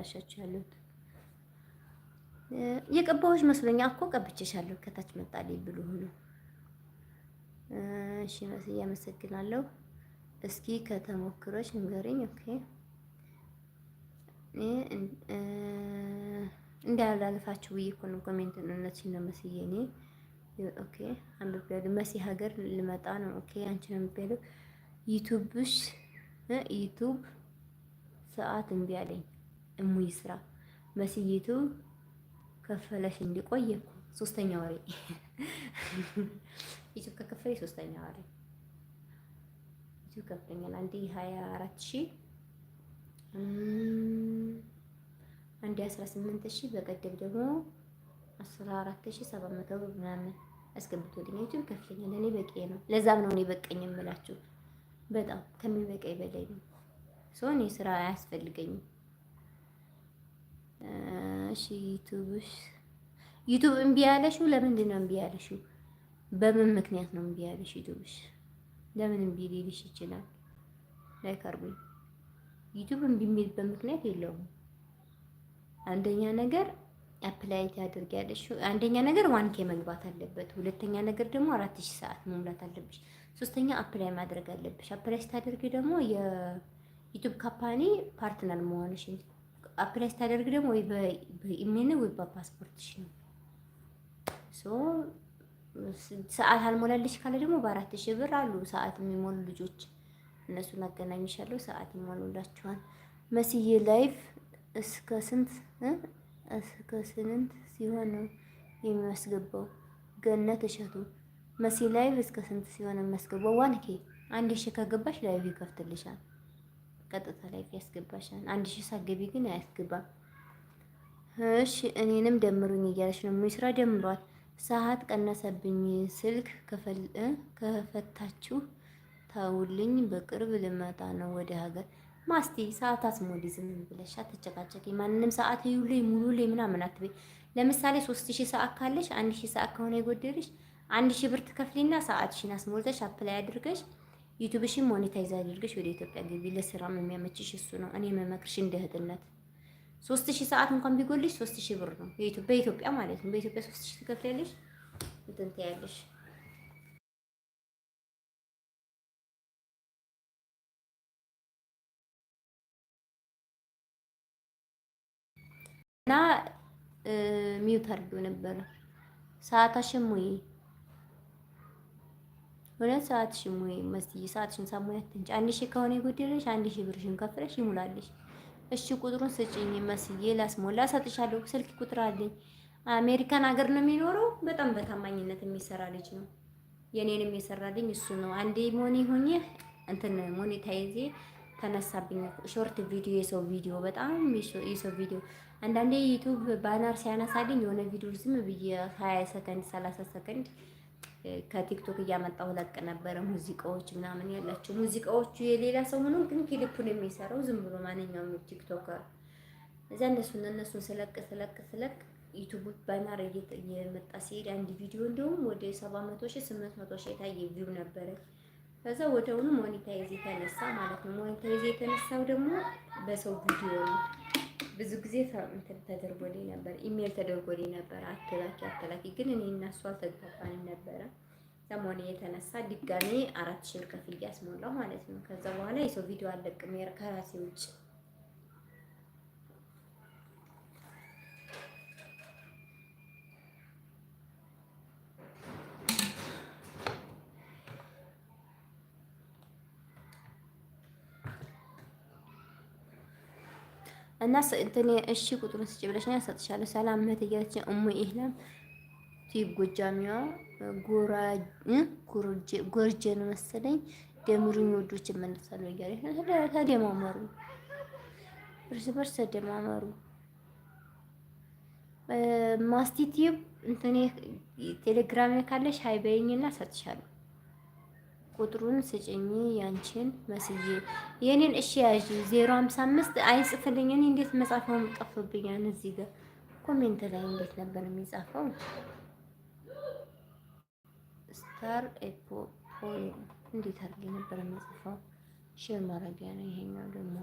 እያበላሻችሁ ያሉት የቀባዎች መስሎኛ እኮ ቀብቼሻለሁ። ከታች መጣል ብሎ ሆኖ እሺ፣ መስዬ አመሰግናለሁ። እስኪ ከተሞክሮች ንገሪኝ። ኦኬ፣ እንዳላልፋችሁ ብዬ እኮ ነው ኮሜንት ነው እነሱ ነው መስዬ እኔ ኦኬ፣ አንብቤያለሁ። መሲ ሀገር ልመጣ ነው። ኦኬ፣ አንቺ ነው የምትበለው ዩቲዩብሽ ዩቲዩብ ሰዓት እምቢ አለኝ። እሙይ ስራ መስይቱ ከፈለሽ እንዲቆየኩ ሶስተኛ ወሬ ዩቲዩብ ከከፈለ ሶስተኛ ወሬ ዩቲዩብ ከፍለኛል። አንዴ 24 ሺ አንዴ 18 ሺ በቀደም ደግሞ 14 ሺህ 700 ብር ምናምን አስገብቶልኛል። ዩቲዩብ ከፍለኛል። እኔ በቂ ነው። ለዛም ነው እኔ በቀኝ የምላችሁ። በጣም ከሚበቃኝ በላይ ነው። ሰው እኔ ስራ አያስፈልገኝም። እሺ ዩቲዩብስ ዩቲዩብ እምቢ ያለሽው ለምንድን ነው እምቢ ያለሽው? በምን ምክንያት ነው እምቢ ያለሽ? ለምን እምቢ ሊልሽ ይችላል? ላይክ አድርጉኝ። ዩቲዩብ እምቢ የሚልበት ምክንያት የለውም። አንደኛ ነገር አፕላይ ታደርግ ያለሽ አንደኛ ነገር ዋንኬ መግባት አለበት። ሁለተኛ ነገር ደግሞ አራት ሺህ ሰዓት መሙላት አለብሽ። ሶስተኛ አፕላይ ማድረግ አለብሽ። አፕላይ ስታደርግ ደግሞ የዩቱብ ካምፓኒ ፓርትነር መሆንሽ አፕላይ ስታደርግ ደግሞ ወይ በኢሜል ወይ በፓስፖርትሽ ነው። ሶ ሰዓት አልሞላልሽ ካለ ደግሞ በአራት ሺህ ብር አሉ ሰዓት የሚሞሉ ልጆች እነሱን አገናኝሻለሁ። ሰዓት ይሞሉላችኋል። መስዬ ላይፍ እስከ ስንት እስከ ስንት ሲሆን ነው የሚያስገባው? ገነት እሸቱ መሲ ላይፍ እስከ ስንት ሲሆን የሚያስገባው? ዋን ኬ አንድ ሺህ ከገባሽ ላይፍ ይከፍትልሻል። ቀጥታ ላይ ያስገባሻል። አንድ ሺህ ሳገቢ ግን አያስገባም። እሺ እኔንም ደምሩኝ እያለች ነው። ሚስራ ደምሯት ሰዓት ቀነሰብኝ። ስልክ ከፈታችሁ ታውልኝ። በቅርብ ልመጣ ነው ወደ ሀገር። ማስቲ ሰዓት አስሞሊ ዝም ብለሽ አትጨቃጨቂ። ማንንም ሰዓት ይውልኝ ሙሉልኝ ምናምን አትበይ። ለምሳሌ ሶስት ሺህ ሰዓት ካለሽ አንድ ሺህ ሰዓት ከሆነ የጎደልሽ አንድ ሺህ ብር ትከፍሊና ሰዓትሽን አስሞልተሽ አፕላይ አድርገሽ ዩቲዩብሽን ሞኔታይዝ አድርገሽ ወደ ኢትዮጵያ ገቢ። ለስራም የሚያመችሽ እሱ ነው። እኔ መመክርሽ እንደ እህትነት ሶስት ሺህ ሰዓት እንኳን ቢጎልሽ ሶስት ሺህ ብር ነው በኢትዮጵያ ማለት ነው። በኢትዮጵያ ሶስት ሺህ ትከፍያለሽ እንትን ትያለሽ። እና ሚውት አድርጌው ነበር ሰዓታሽም ወይ እውነት ሰዓትሽን ሙይ መስዬ ሰዓትሽን ሳሙይ አትንጭ። አንድ ሺህ ከሆነ የጎደለሽ አንድ ሺህ ብርሽን ከፍለሽ ይሙላልሽ። እሺ ቁጥሩን ስጭኝ መስዬ ላስሞላ ሰጥሻለሁ። ስልክ ቁጥር አለኝ። አሜሪካን ሀገር ነው የሚኖረው። በጣም በታማኝነት የሚሰራ ልጅ ነው። የኔንም የሰራልኝ እሱ ነው። አንዴ ሞኔ ሆኜ እንትን ሞኔ ታይዜ ተነሳብኝ። ሾርት ቪዲዮ፣ የሰው ቪዲዮ፣ በጣም የሰው ቪዲዮ። አንዳንዴ ዩቲዩብ ባነር ሲያነሳልኝ የሆነ ቪዲዮ ዝም ብዬ 20 ሰከንድ 30 ሰከንድ ከቲክቶክ እያመጣሁ ለቅ ነበረ። ሙዚቃዎች ምናምን ያላቸው ሙዚቃዎቹ የሌላ ሰው ሆኖ ግን ክሊፑን የሚሰራው ዝም ብሎ ማንኛውም ቲክቶከር እዛ እነሱን እነሱን ስለቅ ስለቅ ስለቅ ዩቱብ ባናር እየመጣ ሲሄድ አንድ ቪዲዮ እንዲሁም ወደ 700 ሺህ መቶ ሺህ የታየ ቪው ነበረ። ከዛ ወደውኑ ሞኒታይዝ የተነሳ ማለት ነው። ሞኒታይዝ የተነሳው ደግሞ በሰው ቪዲዮ ነው። ብዙ ጊዜ እንትን ተደርጎልኝ ነበር፣ ኢሜል ተደርጎልኝ ነበር አትላኪ አትላኪ። ግን እኔ እና እሱ አልተግባባንም ነበረ። ሰሞኑ የተነሳ ድጋሜ አራት ሺህ ብር ከፍዬ አስሞላው ማለት ነው። ከዛ በኋላ የሰው ቪዲዮ አለቅም ከራሴ ውጭ እና እንትን እሺ ቁጥሩን ስጭ ብለሽኛ ሰጥሻለሁ። ሰላም እህት እያለችኝ እሙ ይህለም ትጎጃሚዋ ጎርጄ ነው መሰለኝ ደምሩኝ ወዶች እመለሳለሁ እያለች ነው። ተደማመሩ፣ እርስ በርስ ተደማመሩ። ማስቲቲብ እንትኔ ቴሌግራም ላይ ካለሽ ሀይ በይኝና ሰጥሻለሁ። ቁጥሩን ስጭኝ ያንቺን መስዬ የኔን እሺ ያዥ 055 አይጽፍልኝ። እኔ እንዴት መጻፈውን ጠፍቶብኛል። እዚህ ጋር ኮሜንት ላይ እንዴት ነበር የሚጻፈው? ስታር ኤፖ እንዴት አድርጌ ነበር የሚጻፈው? ሼር ማድረጊያ ነው ይሄኛው ደግሞ